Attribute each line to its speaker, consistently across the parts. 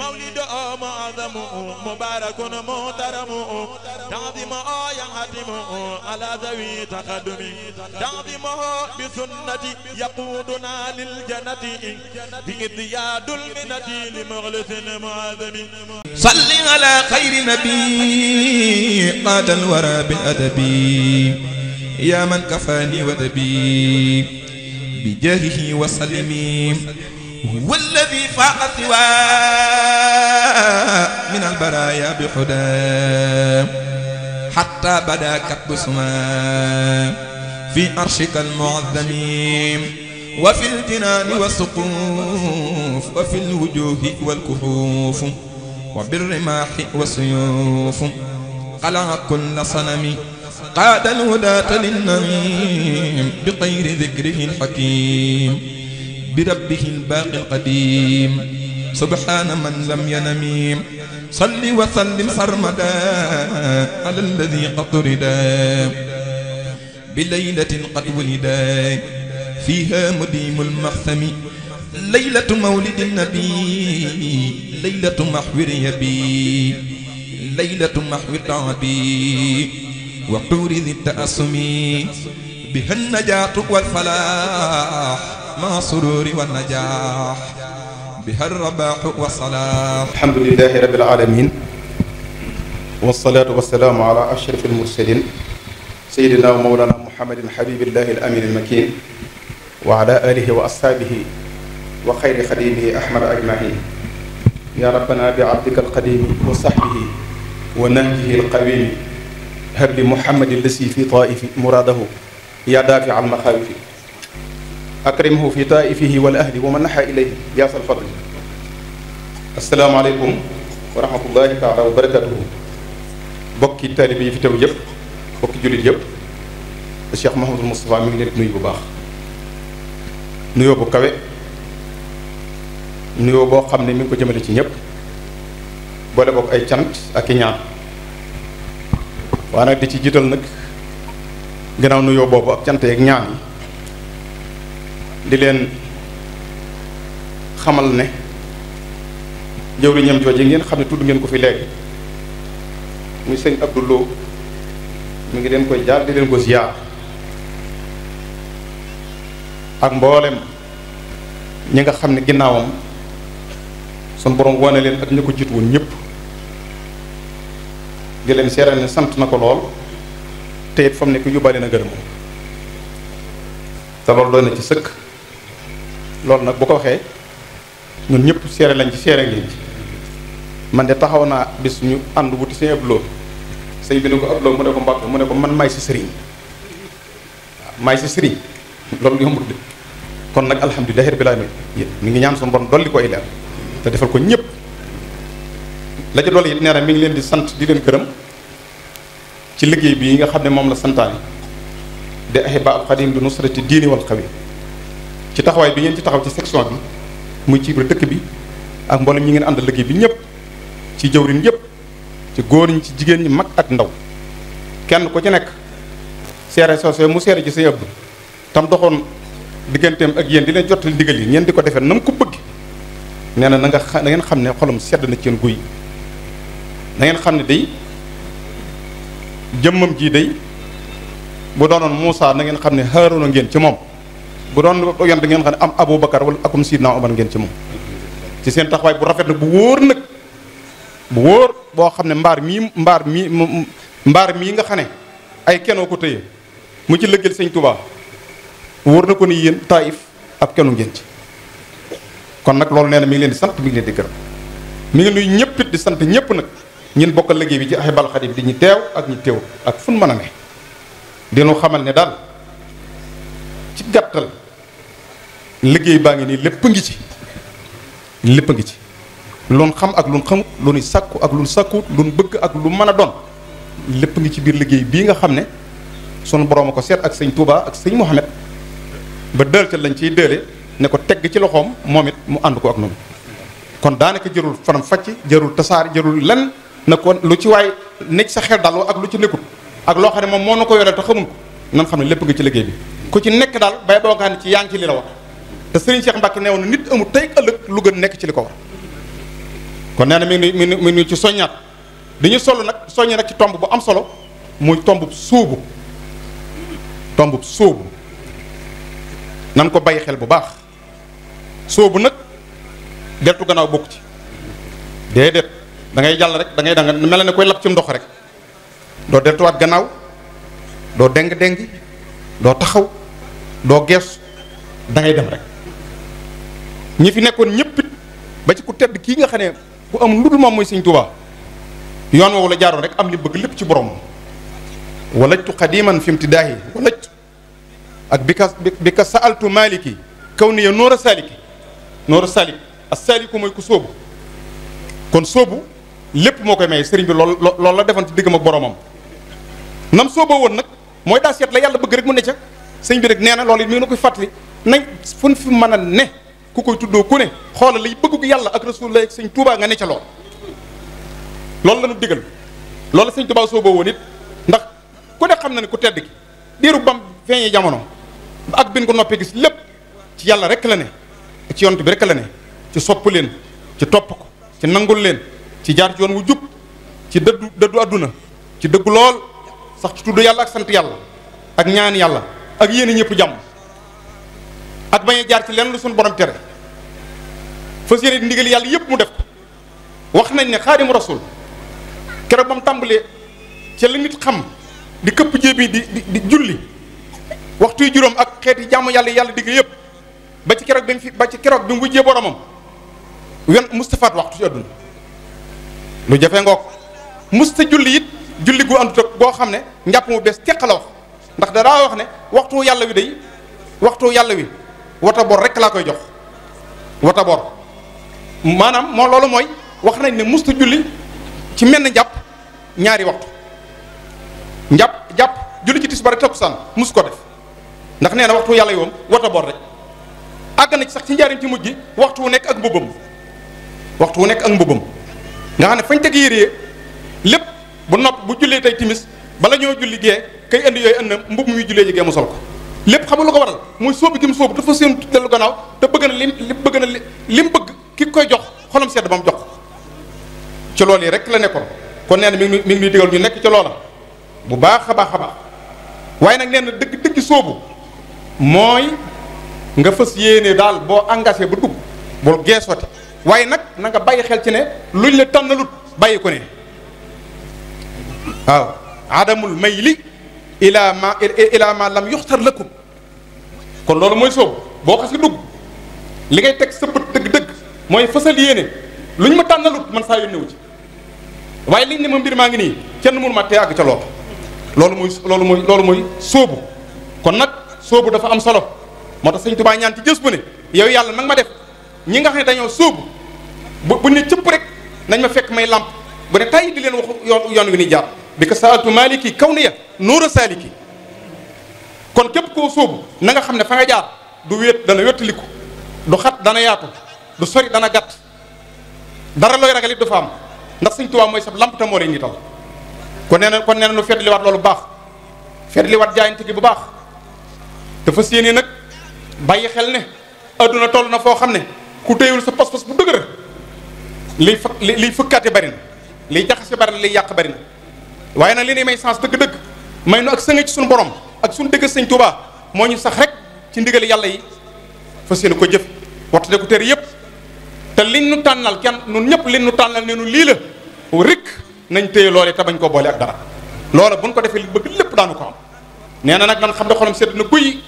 Speaker 1: مولد معظم مبارك محترم تعظيم ينهدم على ذوي تقدم تعظيمه بسنة يقودنا للجنة بإذ ياد المنة لمغلث معظم صل على خير نبي قاد الورى بالأدب يا من كفاني ودبي بجاهه وسلمي والذي فاق سوى من البرايا بحدى حتى بدا كتب سما في عرشك المعظم وفي الجنان والسقوف وفي الوجوه والكهوف وبالرماح والسيوف قلع كل صنم قاد الهداة للنميم بطير ذكره الحكيم بربه الباقي القديم سبحان من لم ينم صل وسلم سرمدا على الذي قد ردا بليلة قد ولدا فيها مديم المحسم ليلة مولد النبي ليلة محور يبي ليلة محور تعبي وقور ذي التأسم بها النجاة والفلاح ma sururi wa najaax biha rabaaxu wa salaam
Speaker 2: alhamdulillahi rabbil alamin wassalaatu wassalaamu ala ashraf almursalin sayidina wa mawlana muhammadin habibillahi alamin almakin wa ala alihi wa ashaabihi wa xayri xadimihi ahmad ajmahin ya rabbana bi abdika alqadimi wa sahbihi wa nahjihi alqawimi habli muhammadin lasi fi taifi muraadahu yaa daafi an maxaawifi akrimhu fi taaifihi wal ahli wa man naxa ilayhi yaasal fadli asalaamaaleykum wa rahmatullahi taala wa barakatuhu bokki taalibe yi fi teew yëpp bokki jullit yëpp Cheikh Mouhamadul Moustapha mi ngi leen nuyu bu baax nuyoo bu kawe nuyoo boo xam ne mi ngi ko jëmale ci ñëpp boole bokk ay cant ak i ñaan waaye nag di ci jiital nag gannaaw nuyoo boobu ak cant yeeg ñaan yi di leen xamal ne jëwriñam jooje ngeen xam ne tudd ngeen ko fi léegi muy sëñ Abdou Lo mi ngi leen koy jaar di leen ko ziar ak mboolem ñi nga xam ne ginnaawam sun borom wane leen ak ña ko jiit woon ñëpp di leen seeral ne sant na ko lool te it fa mu nekk yóbbaale na gërëm te lool doy ci sëkk. loolu nag bu ko waxee ñun ñëpp seere lañ ci seere ngeen ci man de taxaw naa bis ñu ànd wuti sëñ Abdou Lo sëñ bi ne ko Abdou Lo mu ne ko Mbàkke mu ne ko man maay si sëriñ waaw maay si sëriñ loolu yombut de kon nag alhamdulilah rabbil alamin mi ngi ñaan suñu borom dolli ko ay te defal ko ñëpp la ca dolli it nee mi ngi leen di sant di leen gërëm ci liggéey bi yi nga xam ne moom la santaane de ahiba al xadim bi nusrati diini wal xawi ci taxawaay bi ngeen ci taxaw ci section bi muy ci biir bi ak mboolem ñi ngeen àndal liggéey bi ñëpp ci jëwrin yépp ci góor ñi ci jigéen ñi mag ak ndaw kenn ku ci nekk seere soosee mu seere ci say ëbb tam doxoon digganteem ak yéen di leen jottali ndigal yi ngeen di ko defee na mu ko bëgg nee na na nga na ngeen xam ne xolam sedd na ci yéen guy nangeen xam ne day jëmmam jii day bu doonoon Moussa na ngeen xam ne Haaruna ngeen ci moom bu doon yonte ngeen xam ne am abou bakar wala akum sidna omar ngeen ci moom ci seen taxawaay bu rafet nag bu wóor nag bu wóor boo xam ne mbaar mii mbaar mii mbaar mii nga xam ne ay kenoo ko téye mu ci lëggeel sëñ tubaa wóor na ko ni yéen taif ab kenu ngeen ci kon nag loolu nee na mi ngi leen di sant mi ngi leen di gërëm mi ngi nuy ñëpp it di sant ñëpp nag ñun bokk liggéey bi ci Ahibahil Khadim di ñu teew ak ñu teew ak fu mu mën a ne dinu xamal ne daal ci gàttal liggéey baa ngi nii lépp ngi ci lépp ngi ci lun xam ak lun xamut lu nu sàkku ak lun sàkkuwut lun bëgg ak lu mën a doon lépp ngi ci biir liggéey bii nga xam ne sunu borom a ko seet ak sëñ Touba ak sëñ Mouhamed ba dëltal lañ ciy dële ne ko tegg ci loxoom moom it mu ànd ko ak noonu kon daanaka jërul faram ci jërul tasaar jërul lenn na ko lu ci waay nekk sa xel daal ak lu ci nekkul ak loo xam ne moom moo na ko yoreel te xamul ko nan xam ne lépp ci liggéey ku ci nekk daal bay boo nga ci yaa ngi ci li la Serigne Cheikh Mbacke neewoon na nit amul tey ëllëg lu gën nekk ci li ko war kon nee na mi ngi mi ngi ci soññaat dañu sol nag soññe nag ci tomb bu am solo muy tomb suubu tomb suubu nan ko bàyyi xel bu baax suubu nag deltu gannaaw bokk ci déedéet da ngay jàll rek da ngay danga mel ne koy lab ci ndox rek doo deltuwaat gannaaw doo deng-deng doo taxaw doo gees dangay dem rek ñi fi nekkoon ñëpp ba ci ku tedd kii nga xam ne ku am lu dul moom mooy sëñ Tuubaa yoon woowu la jaaroon rek am li bëgg lépp ci borom walajtu xadiman fi imtidaahi walajtu ak bi ka bi ka saaltu maliki kaw ni ya a saaliki noor a saalik a saaliku mooy kon sóobu lépp moo koy maye sëriñ bi lool loolu la defante diggam ak boromam nam sóoboo woon nag mooy daa la yàlla bëgg rek mu ne ca sëñ bi rek nee na loolu it mi ngi koy fàttali nañ fu fi mën a ne ku koy tuddoo ku ne xoolal lay bëggu yàlla ak rasulullah ak sëñ Tuubaa nga ne ca lool loolu la ñu digal loolu sëñ Tuubaa soo boo woon ndax ku ne xam na ne ku tedd ki diiru bam feeñee jamono ak bin ko noppee gis lépp ci yàlla rek la ne ci yont bi rekk la ne ci sopp leen ci topp ko ci nangul leen ci jaar ci yoon wu jub ci dëddu dëddu àdduna ci dëggu lool sax ci tudd yàlla ak sant yàlla ak ñaan yàlla ak yéene ñëpp jàmm ak bañ a jaar ci lenn lu suñu borom tere fas yéene ndigal yàlla yëpp mu def wax nañ ne xaadimu rasul keroog ba tàmbalee ca la nit xam di këpp jébi di di julli waxtu juróom ak xeeti jàmm yàlla yàlla digg yëpp ba ci keroog fi ba ci keroog bi mu wujjee boromam wen mustafaat waxtu ci àdduna lu jafe ngoog musta julli it julli gu àndut goo xam ne njàpp mu bees teq la wax ndax daraa wax ne waxtu yàlla wi day waxtu yàlla wi wata bor rek laa koy jox wata bor maanaam moo loolu mooy wax nañ ne mustu julli ci menn njàpp ñaari waxtu njàpp jàpp julli ci tisbaar takkusaan mus ko def ndax nee na waxtu yàlla yoom wata bor rek àgg na ci sax ci njariñ ci mujj gi waxtu wu nekk ak mbubbam waxtu wu nekk ak mbubbam nga xam ne fañ teg yére lépp bu nopp bu jullee tey timis bala ñoo julli gee kay indi yooyu ënd na mbubb muy jullee ji gee mu sol ko lépp xamul lu ko waral mooy sóobu gi mu sóobu dafa seen dellu gannaaw te bëgg na lim li bëgg na li mu bëgg ki koy jox xolam sedd ba mu jox ci loolu yi rek la nekkoon kon nee na mi ngi mi ngi digal ñu nekk ci loola bu baax a baax a baax waaye nag nee na dëgg dëgg sóobu mooy nga fës yéene daal boo engagé ba dugg bul geesooti waaye nag na nga bàyyi xel ci ne luñ la tànnalut bàyyi ko ne waaw adamul may li ilaa ma ilaa ma lam yuxtar lakum kon loolu mooy soobu boo xasee dugg li ngay teg sëpp bët dëgg-dëgg mooy fësal yéene lu ñu ma tànnalut man saa yónnewu ci waaye liñ ne ma mbir maa ngi nii kenn mënu ma tee àgg ca loolu loolu mooy loolu mooy loolu mooy soobu kon nag soobu dafa am solo moo tax sëñ Tuubaa ñaan ci jës bu ne yow yàlla nag ma def ñi nga xam ne dañoo soobu bu bu ne cëpp rek nañ ma fekk may làmp bu ne tàyyi di leen wax yoon yoon wi ni jaar bi ko saatu maliki kaw ni ya nuura saaliki kon képp koo sóobu na nga xam ne fa nga jaar du wéet dana wéttaliku du xat dana yaatu du sori dana gàtt dara looy ragal it du fa am ndax Sëñ Tuubaa mooy sab lamp ta moo lay nital kon nee na kon ne na nu feddliwaat loolu bu baax feddliwaat jaayante gi bu baax dafa séenee nag bàyyi xel ne adduna toll na foo xam ne ku téyewul sa pas-pas bu dëgër liy fa liy fëkkaate bari na liy jaxase bari na liy yàq bari na waaye nag li ne may chance dëgg-dëgg may nu ak sënga suñu borom ak suñu dëgg sëñ tubaa moo ñu sax rek ci ndigal yàlla yi fas yéene ko jëf waxtade ko téere yëpp te li nu tànnal kenn nun ñëpp liñ nu tànnal ne nu lii la rek nañ téye loolee te bañ ko boole ak dara loola buñ ko defee li bëgg lépp daanu ko am nee na nag nan xam ne xolam sedd na guy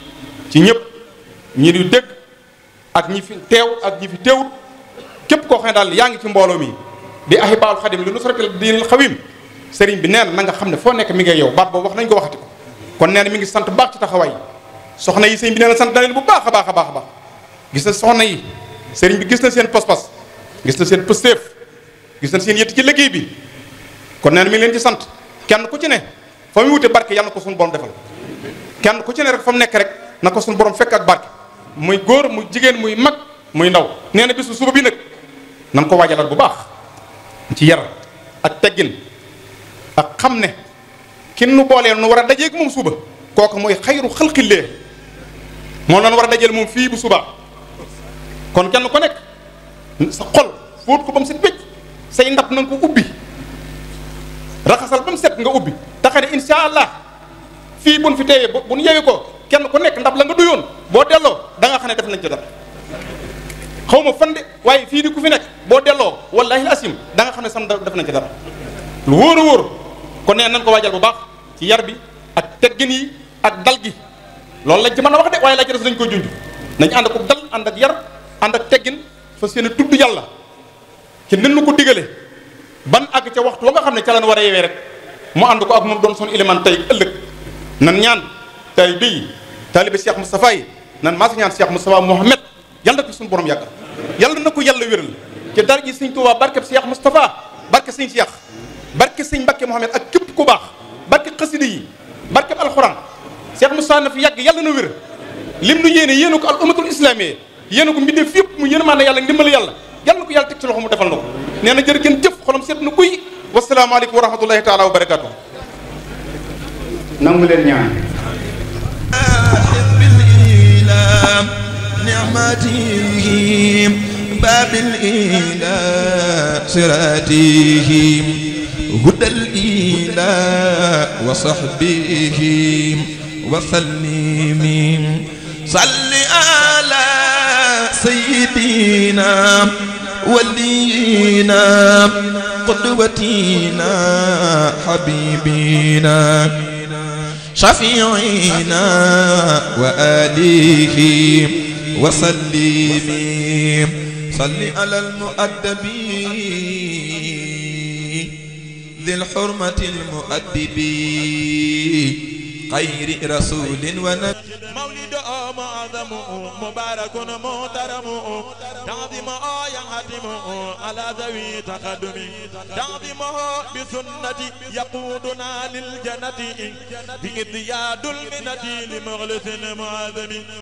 Speaker 2: ci ñëpp ñii di dégg ak ñi fi teew ak ñi fi teewut képp koo xam ne daal yaa ngi ci mbooloo mi di ahibaal xadim li nusratil dinil xawim sëriñ bi nee na nga xam ne foo nekk mi ngi yow baat boo wax nañ ko waxati ko kon nee na mi ngi sant baax ci taxawaay soxna yi sëriñ bi nee na sant na leen a baax a a baax gis na soxna yi sëriñ bi gis na seen pas gis na seen pësteef gis na seen yëtt ci liggéey bi kon nee mi ngi leen ci sant kenn ku ci ne fa muy wute barke yàlla na ko suñu borom defal kenn ku ci ne rek fa mu nekk rek na ko suñu borom fekk ak barke muy góor muy jigéen muy mag muy ndaw nee na bisu suba bi nag nan ko waajalal bu baax ci yara ak teggin ak xam ne kin nu boolee nu war a dajeeg moom suba kooku mooy xayru xalqillee moo noonu war a dajeel moom fii bu subaa kon kenn ko nekk sa xol fóot ko ba mu set wécc say ndab na ko ubbi raxasal ba mu set nga ubbi taxa ne insha fii bu nu fi teewee bu nu yeewee ko kenn ku nekk ndab la nga duyoon boo delloo danga xam ne def nañ ci dara xaw ma fan de waaye fii di ku fi nekk boo delloo wallaahi asim da nga xam ne sam def nañ ci dara lu wóor a wóor kon nee nañ ko waajal bu baax ci yar bi ak teggin yi ak dal gi loolu lañ ci mën a wax de waaye laaj des dañ koy junj nañ ànd ko dal ànd ak yar ànd ak teggin fas yéene tudd yàlla ci nen nu ko digale ban àgg ca waxtu wa nga xam ne ca lañ war a yeewee rek mu ànd ko ak moom doon son élément tey ëllëg nan ñaan tey bii taalibe Cheikh Moustapha yi nan maa si ñaan Cheikh Moustapha Mohamed yàlla na ko suñu borom yàggal yàlla na ko yàlla wéral ci dar gi sëñ Tuubaa barkeb Cheikh Moustapha barke sëñ Cheikh barke sëñ Mbakke Mouhamed ak képp ku baax barke xasida yi barke alxuraan Cheikh Moussa na fi yàgg yàlla na wér lim nu yéene yéene ko al ummatul islamiyya yéene ko mbindee fi yëpp mu yéen maa ne yàlla ndimbal yàlla yàlla na ko yàlla teg ci loxo mu defal na ko nee na jërë ngeen jëf xolam seet na kuy wasalaamaaleykum wa rahmatullahi taala wa barakaatu. nangu leen ñaan.
Speaker 1: نعمته باب الإله صراته هدى الإله وصحبه وسلم صل على سيدنا ولينا قدوتنا حبيبنا شفيعنا وآله وسلم صل على المؤدبين ذي الحرمة المؤدب خير رسول ونبي مولده معظم مبارك محترم تعظيمه يعظمه على ذوي تقدم تعظيمه بسنة يقودنا للجنة بإذ يا دلمنة لمغلث معظم